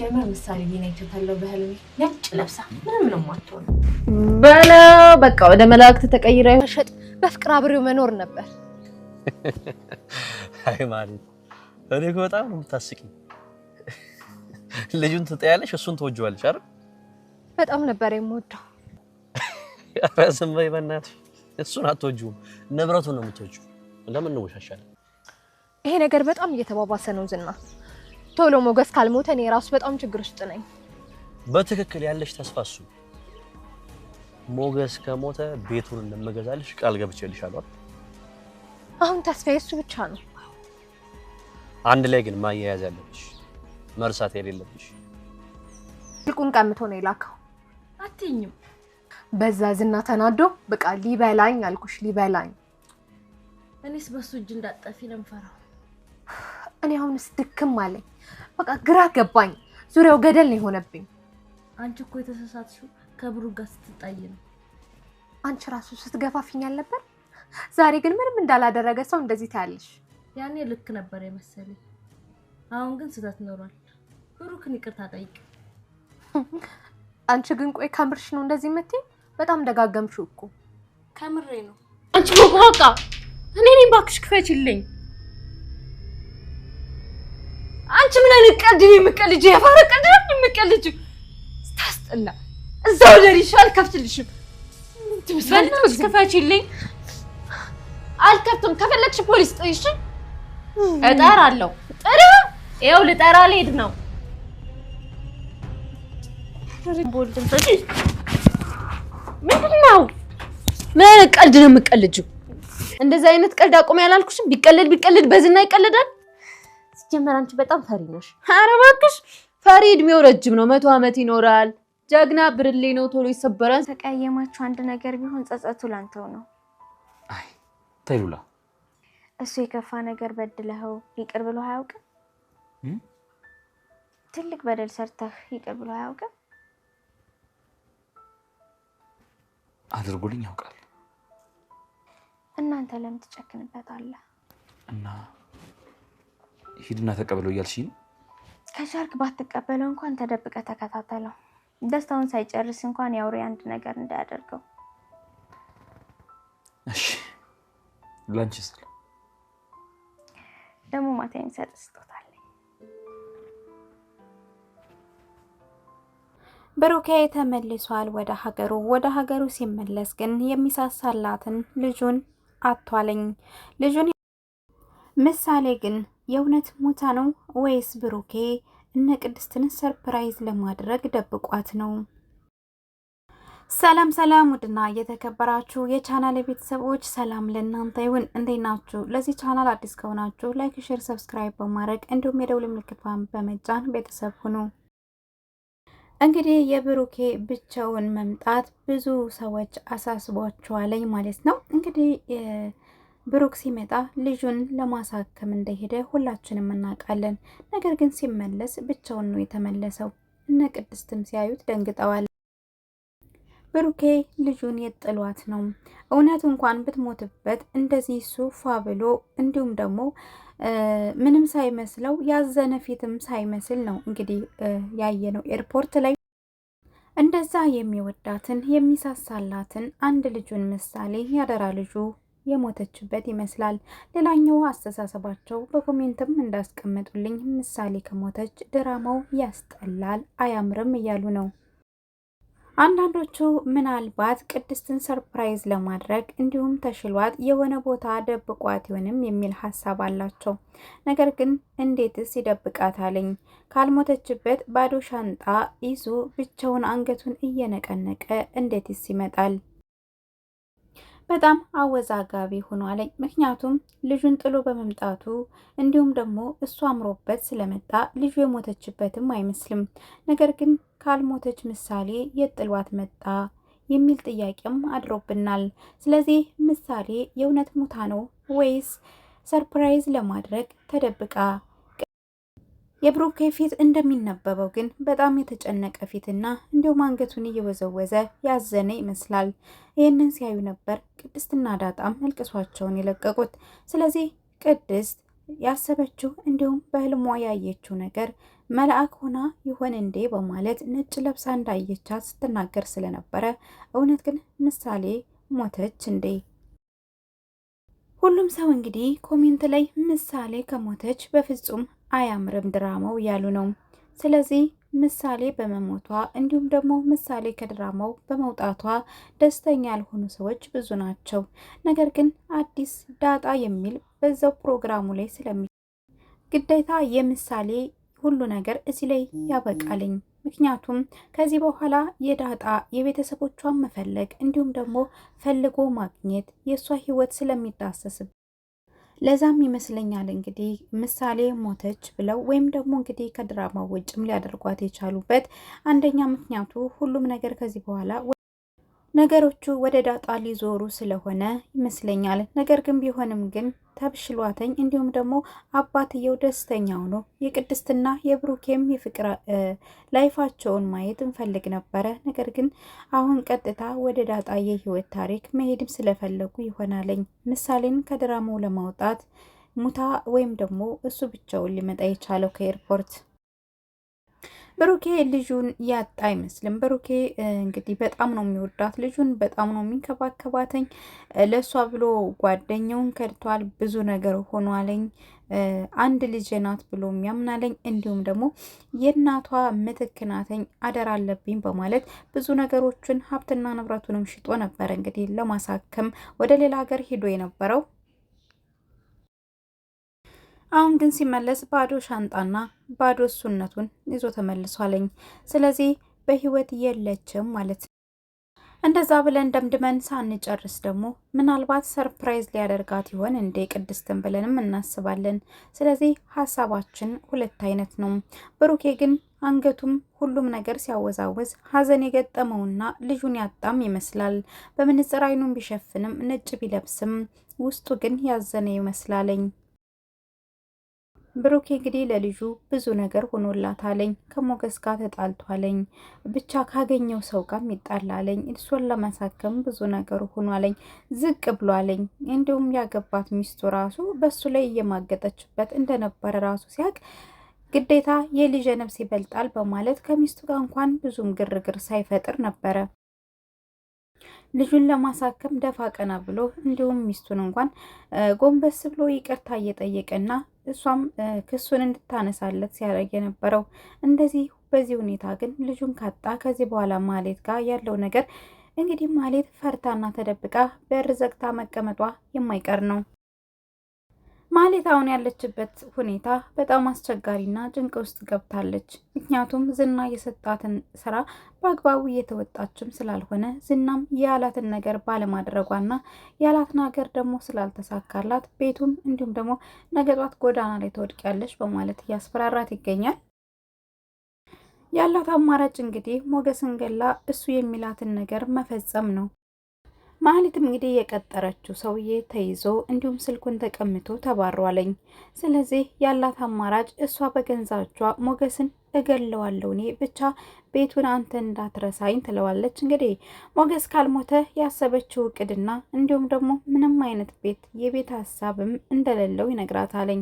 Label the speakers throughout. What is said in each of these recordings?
Speaker 1: ሲጀመር ምሳሌ ቢና ይተታለው በህልም ነጭ ለብሳ ምንም ነው ማትሆነ
Speaker 2: በላ በቃ ወደ መላእክት ተቀይራ
Speaker 1: መሸጥ በፍቅር አብሬው መኖር ነበር።
Speaker 3: አይ ማለት እኔ እኮ በጣም ነው የምታስቂኝ። ልጁን ትጠያለሽ፣ እሱን ትወጂዋለሽ አይደል?
Speaker 1: በጣም ነበር የምወደው።
Speaker 3: ኧረ ዝም በይ በእናትሽ፣ እሱን አትወጂውም፣ ንብረቱን ነው የምትወጂው። ለምን እንወሻሻለን?
Speaker 1: ይሄ ነገር በጣም እየተባባሰ ነው ዝና ቶሎ ሞገስ ካልሞተ እኔ ራሱ በጣም ችግር ውስጥ ነኝ።
Speaker 3: በትክክል ያለሽ ተስፋ እሱ ሞገስ ከሞተ ቤቱን እንደምገዛልሽ ቃል ገብቼልሻለሁ።
Speaker 1: አሁን ተስፋዬ እሱ ብቻ ነው።
Speaker 3: አንድ ላይ ግን ማያያዝ ያለብሽ መርሳት የሌለብሽ
Speaker 1: ልቁን ቀምቶ ነው የላከው። አትይኝም። በዛ ዝና ተናዶ በቃ ሊበላኝ አልኩሽ፣ ሊበላኝ። እኔስ በሱ እጅ እንዳጠፊ ነው የምፈራው። እኔ አሁንስ ድክም አለኝ። በቃ ግራ ገባኝ። ዙሪያው ገደል ነው የሆነብኝ። አንቺ እኮ የተሳሳትሽው ከብሩ ጋር ስትጣይ ነው። አንቺ ራሱ ስትገፋፊኝ አልነበር? ዛሬ ግን ምንም እንዳላደረገ ሰው እንደዚህ ታያለሽ። ያኔ ልክ ነበር የመሰለኝ፣ አሁን ግን ስህተት ኖሯል። ብሩክን ይቅርታ ጠይቅ። አንቺ ግን ቆይ ከምርሽ ነው እንደዚህ የምትይኝ? በጣም ደጋገምሽው እኮ። ከምሬ ነው። አንቺ ቦቃ እኔ እኔም እባክሽ ክፈችልኝ። አንቺ ምን አይነት ቀልድ ነው የምትቀልጂ? የፋረ ቀልድ ነው የምትቀልጂ? ስታስጠላ። እዛው ደሪሽ አልከፍትልሽም። ትመስላለች ክፈችልኝ። አልከፍትም። ከፈለግሽ ፖሊስ ጥይሽ እጠራለሁ። ጥሩ ይኸው ልጠራ ልሄድ ነው። ምንድን ነው? ምን አይነት ቀልድ ነው የምቀልጅ? እንደዚህ አይነት ቀልድ አቁሚ ያላልኩሽም? ቢቀልድ ቢቀልድ በዝና ይቀልዳል። ሲጀመር አንቺ በጣም ፈሪ ነሽ። ኧረ እባክሽ ፈሪ እድሜው ረጅም ነው፣ መቶ ዓመት ይኖራል። ጀግና ብርሌ ነው፣ ቶሎ ይሰበራል። ተቀያየማችሁ አንድ ነገር ቢሆን ጸጸቱ ላንተው ነው።
Speaker 3: አይ ተይ
Speaker 1: እሱ የከፋ ነገር በድለኸው ይቅር ብሎ
Speaker 3: አያውቅም።
Speaker 1: ትልቅ በደል ሰርተህ ይቅር ብሎ አያውቅም።
Speaker 3: አድርጎልኝ ያውቃል።
Speaker 1: እናንተ ለምን ትጨክንበታለህ?
Speaker 3: እና ሂድና ተቀበለው እያልሽኝ ነው?
Speaker 1: ከቻልክ ባትቀበለው እንኳን ተደብቀ ተከታተለው። ደስታውን ሳይጨርስ እንኳን ያውሪ አንድ ነገር እንዳያደርገው።
Speaker 3: እሺ፣ ላንቺ ስል
Speaker 1: ደግሞ ማታ የሚሰጥ ስጦታ አለኝ።
Speaker 4: ብሩኬ ተመልሷል ወደ ሀገሩ። ወደ ሀገሩ ሲመለስ ግን የሚሳሳላትን ልጁን አቷለኝ ልጁን ምሳሌ ግን የእውነት ሞታ ነው ወይስ ብሩኬ እነ ቅድስትን ሰርፕራይዝ ለማድረግ ደብቋት ነው? ሰላም ሰላም፣ ውድና እየተከበራችሁ የቻናል ቤተሰቦች ሰላም ለእናንተ ይሁን። እንዴት ናችሁ? ለዚህ ቻናል አዲስ ከሆናችሁ ላይክ፣ ሼር፣ ሰብስክራይብ በማድረግ እንዲሁም የደውል ምልክቷን በመጫን ቤተሰብ ሁኑ። እንግዲህ የብሩኬ ብቻውን መምጣት ብዙ ሰዎች አሳስቧቸዋለኝ ማለት ነው እንግዲህ ብሩክ ሲመጣ ልጁን ለማሳከም እንደሄደ ሁላችንም እናውቃለን። ነገር ግን ሲመለስ ብቻውን ነው የተመለሰው። እነ ቅድስትም ሲያዩት ደንግጠዋል። ብሩኬ ልጁን የጥሏት ነው። እውነት እንኳን ብትሞትበት እንደዚህ እሱ ፏ ብሎ እንዲሁም ደግሞ ምንም ሳይመስለው ያዘነ ፊትም ሳይመስል ነው እንግዲህ ያየነው ኤርፖርት ላይ እንደዛ የሚወዳትን የሚሳሳላትን አንድ ልጁን ምሳሌ ያደራ ልጁ የሞተችበት ይመስላል። ሌላኛው አስተሳሰባቸው በኮሜንትም እንዳስቀመጡልኝ ምሳሌ ከሞተች ድራማው ያስጠላል፣ አያምርም እያሉ ነው። አንዳንዶቹ ምናልባት ቅድስትን ሰርፕራይዝ ለማድረግ እንዲሁም ተሽሏት የሆነ ቦታ ደብቋት ይሆንም የሚል ሀሳብ አላቸው። ነገር ግን እንዴትስ ይደብቃታልኝ? ካልሞተችበት ባዶ ሻንጣ ይዞ ብቻውን አንገቱን እየነቀነቀ እንዴትስ ይመጣል? በጣም አወዛጋቢ አለኝ። ምክንያቱም ልጁን ጥሎ በመምጣቱ እንዲሁም ደግሞ እሱ አምሮበት ስለመጣ ልጁ የሞተችበትም አይመስልም። ነገር ግን ካልሞተች ምሳሌ የት ጥሏት መጣ የሚል ጥያቄም አድሮብናል። ስለዚህ ምሳሌ የእውነት ሙታ ነው ወይስ ሰርፕራይዝ ለማድረግ ተደብቃ የብሩኬ ፊት እንደሚነበበው ግን በጣም የተጨነቀ ፊትና እንዲሁም አንገቱን እየወዘወዘ ያዘነ ይመስላል። ይህንን ሲያዩ ነበር ቅድስትና ዳጣም መልቅሷቸውን የለቀቁት። ስለዚህ ቅድስት ያሰበችው እንዲሁም በህልሟ ያየችው ነገር መልአክ ሆና ይሆን እንዴ በማለት ነጭ ለብሳ እንዳየቻት ስትናገር ስለነበረ እውነት ግን ምሳሌ ሞተች እንዴ? ሁሉም ሰው እንግዲህ ኮሜንት ላይ ምሳሌ ከሞተች በፍጹም አያምርም ድራማው እያሉ ነው። ስለዚህ ምሳሌ በመሞቷ እንዲሁም ደግሞ ምሳሌ ከድራማው በመውጣቷ ደስተኛ ያልሆኑ ሰዎች ብዙ ናቸው። ነገር ግን አዲስ ዳጣ የሚል በዛው ፕሮግራሙ ላይ ስለሚ ግዴታ የምሳሌ ሁሉ ነገር እዚህ ላይ ያበቃልኝ። ምክንያቱም ከዚህ በኋላ የዳጣ የቤተሰቦቿን መፈለግ እንዲሁም ደግሞ ፈልጎ ማግኘት የእሷ ህይወት ስለሚዳሰስብ ለዛም ይመስለኛል እንግዲህ ምሳሌ ሞተች ብለው ወይም ደግሞ እንግዲህ ከድራማው ውጭም ሊያደርጓት የቻሉበት አንደኛ ምክንያቱ ሁሉም ነገር ከዚህ በኋላ ነገሮቹ ወደ ዳጣ ሊዞሩ ስለሆነ ይመስለኛል። ነገር ግን ቢሆንም ግን ተብሽሏተኝ እንዲሁም ደግሞ አባትየው ደስተኛው ነው። የቅድስትና የብሩኬም የፍቅር ላይፋቸውን ማየት እንፈልግ ነበረ። ነገር ግን አሁን ቀጥታ ወደ ዳጣ የህይወት ታሪክ መሄድም ስለፈለጉ ይሆናለኝ ምሳሌን ከድራማው ለማውጣት ሙታ ወይም ደግሞ እሱ ብቻውን ሊመጣ የቻለው ከኤርፖርት ብሩኬ ልጁን ያጣ አይመስልም። ብሩኬ እንግዲህ በጣም ነው የሚወዳት ልጁን፣ በጣም ነው የሚንከባከባትኝ። ለእሷ ብሎ ጓደኛውን ከድቷል፣ ብዙ ነገር ሆኗለኝ። አንድ ልጅ ናት ብሎ የሚያምናለኝ እንዲሁም ደግሞ የእናቷ ምትክ ናትኝ አደራ አለብኝ በማለት ብዙ ነገሮችን ሀብትና ንብረቱንም ሽጦ ነበረ እንግዲህ ለማሳከም ወደ ሌላ ሀገር ሄዶ የነበረው አሁን ግን ሲመለስ ባዶ ሻንጣና ባዶ እሱነቱን ይዞ ተመልሷለኝ። ስለዚህ በህይወት የለችም ማለት ነው። እንደዛ ብለን ደምድመን ሳንጨርስ ደግሞ ምናልባት ሰርፕራይዝ ሊያደርጋት ይሆን እንዴ ቅድስትን ብለንም እናስባለን። ስለዚህ ሀሳባችን ሁለት አይነት ነው። ብሩኬ ግን አንገቱም ሁሉም ነገር ሲያወዛወዝ ሀዘን የገጠመውና ልጁን ያጣም ይመስላል። በምንጽር አይኑን ቢሸፍንም ነጭ ቢለብስም ውስጡ ግን ያዘነ ይመስላለኝ። ብሩኬ እንግዲህ ለልጁ ብዙ ነገር ሆኖላታለኝ። ከሞገስ ጋር ተጣልቷለኝ፣ ብቻ ካገኘው ሰው ጋር ይጣላለኝ። እሷን ለማሳከም ብዙ ነገር ሆኗለኝ፣ ዝቅ ብሏለኝ። እንዲሁም ያገባት ሚስቱ ራሱ በሱ ላይ እየማገጠችበት እንደነበረ ራሱ ሲያቅ ግዴታ የልጄ ነፍስ ይበልጣል በማለት ከሚስቱ ጋር እንኳን ብዙም ግርግር ሳይፈጥር ነበረ ልጁን ለማሳከም ደፋ ቀና ብሎ እንዲሁም ሚስቱን እንኳን ጎንበስ ብሎ ይቅርታ እየጠየቀና እሷም ክሱን እንድታነሳለት ሲያደርግ የነበረው እንደዚህ። በዚህ ሁኔታ ግን ልጁን ካጣ ከዚህ በኋላ ማሌት ጋር ያለው ነገር እንግዲህ ማሌት ፈርታና ተደብቃ በር ዘግታ መቀመጧ የማይቀር ነው። ማሌት አሁን ያለችበት ሁኔታ በጣም አስቸጋሪና ጭንቅ ውስጥ ገብታለች። ምክንያቱም ዝና የሰጣትን ስራ በአግባቡ እየተወጣችም ስላልሆነ ዝናም ያላትን ነገር ባለማድረጓና ያላትን ሀገር ደግሞ ስላልተሳካላት ቤቱም እንዲሁም ደግሞ ነገጧት ጎዳና ላይ ተወድቅያለች በማለት እያስፈራራት ይገኛል። ያላት አማራጭ እንግዲህ ሞገስን ገላ እሱ የሚላትን ነገር መፈጸም ነው። ማህሌትም እንግዲህ የቀጠረችው ሰውዬ ተይዞ እንዲሁም ስልኩን ተቀምቶ ተባሯለኝ። ስለዚህ ያላት አማራጭ እሷ በገንዛቿ ሞገስን እገለዋለሁ እኔ ብቻ ቤቱን አንተ እንዳትረሳኝ ትለዋለች። እንግዲህ ሞገስ ካልሞተ ያሰበችው እቅድና እንዲሁም ደግሞ ምንም አይነት ቤት የቤት ሀሳብም እንደሌለው ይነግራታለኝ።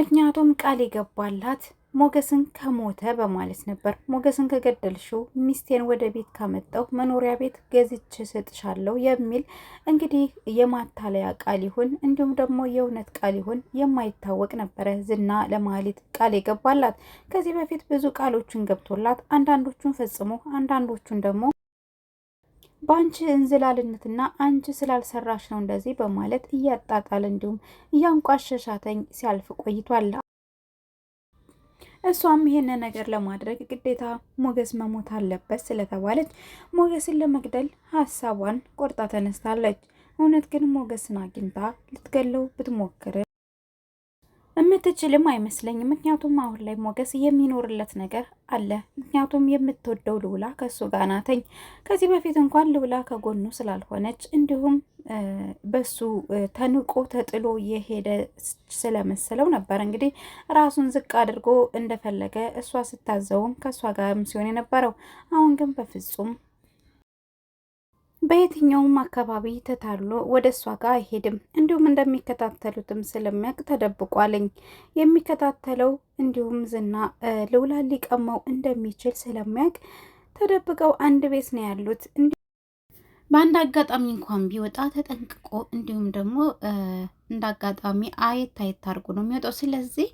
Speaker 4: ምክንያቱም ቃል የገባላት ሞገስን ከሞተ በማለት ነበር። ሞገስን ከገደልሽው ሚስቴን ወደ ቤት ካመጣው መኖሪያ ቤት ገዝቼ ሰጥሻለሁ የሚል እንግዲህ የማታለያ ቃል ይሁን እንዲሁም ደግሞ የእውነት ቃል ይሁን የማይታወቅ ነበረ ዝና ለማህሌት ቃል የገባላት። ከዚህ በፊት ብዙ ቃሎችን ገብቶላት አንዳንዶቹን ፈጽሞ አንዳንዶቹን ደግሞ በአንቺ እንዝላልነትና አንቺ ስላልሰራሽ ነው እንደዚህ በማለት እያጣጣል እንዲሁም እያንቋሸሻተኝ ሲያልፍ ቆይቷል። እሷም ይሄን ነገር ለማድረግ ግዴታ ሞገስ መሞት አለበት ስለተባለች ሞገስን ለመግደል ሀሳቧን ቆርጣ ተነስታለች። እውነት ግን ሞገስን አግኝታ ልትገለው ብትሞክር የምትችልም አይመስለኝም። ምክንያቱም አሁን ላይ ሞገስ የሚኖርለት ነገር አለ። ምክንያቱም የምትወደው ልውላ ከእሱ ጋር ናተኝ። ከዚህ በፊት እንኳን ልውላ ከጎኑ ስላልሆነች እንዲሁም በሱ ተንቆ ተጥሎ የሄደ ስለመሰለው ነበር እንግዲህ ራሱን ዝቅ አድርጎ እንደፈለገ እሷ ስታዘውም ከእሷ ጋርም ሲሆን የነበረው አሁን ግን በፍጹም በየትኛውም አካባቢ ተታሎ ወደ እሷ ጋር አይሄድም። እንዲሁም እንደሚከታተሉትም ስለሚያውቅ ተደብቋለኝ። የሚከታተለው እንዲሁም ዝና ልውላ ሊቀማው እንደሚችል ስለሚያውቅ ተደብቀው አንድ ቤት ነው ያሉት። በአንድ አጋጣሚ እንኳን ቢወጣ ተጠንቅቆ እንዲሁም ደግሞ እንደ አጋጣሚ አየት አየት አድርጎ ነው የሚወጣው። ስለዚህ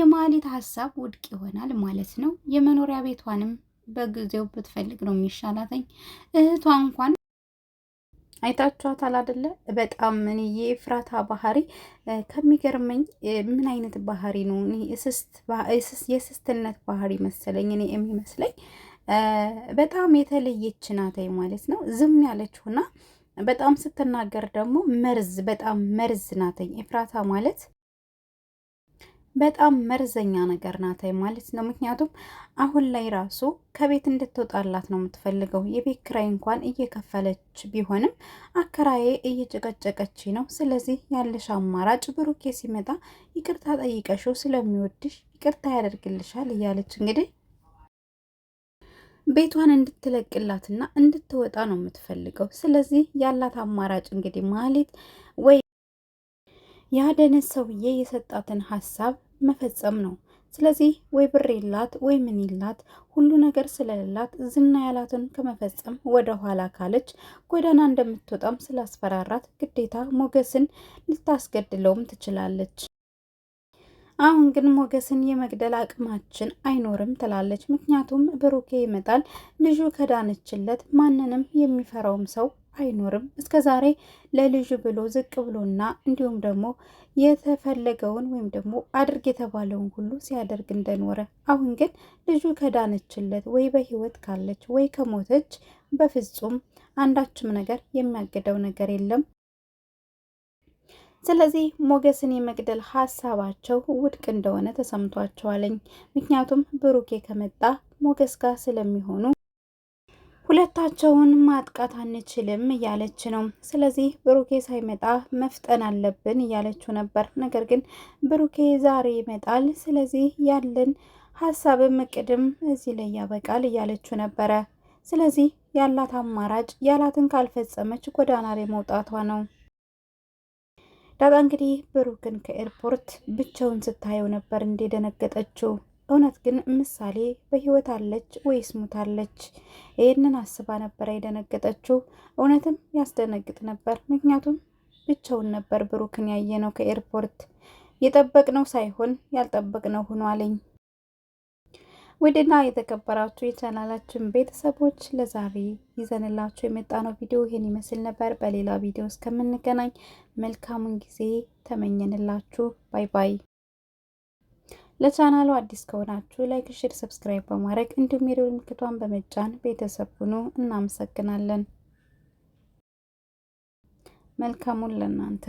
Speaker 4: የማሊት ሀሳብ ውድቅ ይሆናል ማለት ነው። የመኖሪያ ቤቷንም በጊዜው ብትፈልግ ነው የሚሻላተኝ እህቷ እንኳን አይታችኋታል አደለ? በጣም ምን የኤፍራታ ባህሪ ከሚገርመኝ ምን አይነት ባህሪ ነው? የስስትነት ባህሪ መሰለኝ እኔ የሚመስለኝ በጣም የተለየች ናታይ ማለት ነው። ዝም ያለችውና በጣም ስትናገር ደግሞ መርዝ፣ በጣም መርዝ ናተኝ ኤፍራታ ማለት በጣም መርዘኛ ነገር ናታይ ማለት ነው። ምክንያቱም አሁን ላይ ራሱ ከቤት እንድትወጣላት ነው የምትፈልገው። የቤት ክራይ እንኳን እየከፈለች ቢሆንም አከራዬ እየጨቀጨቀች ነው። ስለዚህ ያለሽ አማራጭ ብሩኬ ሲመጣ ይቅርታ ጠይቀሽው ስለሚወድሽ ይቅርታ ያደርግልሻል እያለች እንግዲህ ቤቷን እንድትለቅላትና እንድትወጣ ነው የምትፈልገው። ስለዚህ ያላት አማራጭ እንግዲህ ማለት ወይ የአደንስ ሰውዬ የሰጣትን ሀሳብ መፈጸም ነው። ስለዚህ ወይ ብር የላት ወይ ምን ይላት ሁሉ ነገር ስለሌላት ዝና ያላትን ከመፈጸም ወደ ኋላ ካለች ጎዳና እንደምትወጣም ስላስፈራራት ግዴታ ሞገስን ልታስገድለውም ትችላለች። አሁን ግን ሞገስን የመግደል አቅማችን አይኖርም ትላለች። ምክንያቱም ብሩኬ ይመጣል ልጁ ከዳነችለት ማንንም የሚፈራውም ሰው አይኖርም። እስከ ዛሬ ለልጅ ብሎ ዝቅ ብሎና እንዲሁም ደግሞ የተፈለገውን ወይም ደግሞ አድርግ የተባለውን ሁሉ ሲያደርግ እንደኖረ፣ አሁን ግን ልጁ ከዳነችለት ወይ በህይወት ካለች ወይ ከሞተች በፍጹም አንዳችም ነገር የሚያግደው ነገር የለም። ስለዚህ ሞገስን የመግደል ሀሳባቸው ውድቅ እንደሆነ ተሰምቷቸዋለኝ። ምክንያቱም ብሩኬ ከመጣ ሞገስ ጋር ስለሚሆኑ ሁለታቸውን ማጥቃት አንችልም እያለች ነው። ስለዚህ ብሩኬ ሳይመጣ መፍጠን አለብን እያለችው ነበር። ነገር ግን ብሩኬ ዛሬ ይመጣል፣ ስለዚህ ያለን ሀሳብም እቅድም እዚህ ላይ ያበቃል እያለችው ነበረ። ስለዚህ ያላት አማራጭ ያላትን ካልፈጸመች ጎዳና ላይ መውጣቷ ነው። ዳጣ እንግዲህ ብሩክን ከኤርፖርት ብቻውን ስታየው ነበር እንደደነገጠችው። እውነት ግን ምሳሌ በህይወት አለች ወይስ ሙታለች? ይህንን አስባ ነበር የደነገጠችው። እውነትም ያስደነግጥ ነበር። ምክንያቱም ብቻውን ነበር ብሩክን ያየነው ከኤርፖርት። የጠበቅነው ሳይሆን ያልጠበቅነው ሆኖ አለኝ። ውድና የተከበራችሁ የቻናላችን ቤተሰቦች ለዛሬ ይዘንላችሁ የመጣነው ቪዲዮ ይህን ይመስል ነበር። በሌላ ቪዲዮ እስከምንገናኝ መልካሙን ጊዜ ተመኘንላችሁ። ባይ ባይ። ለቻናሉ አዲስ ከሆናችሁ ላይክ፣ ሼር፣ ሰብስክራይብ በማድረግ እንዲሁም የደወል ምልክቷን በመጫን ቤተሰብ ሁኑ። እናመሰግናለን። መልካሙን ለእናንተ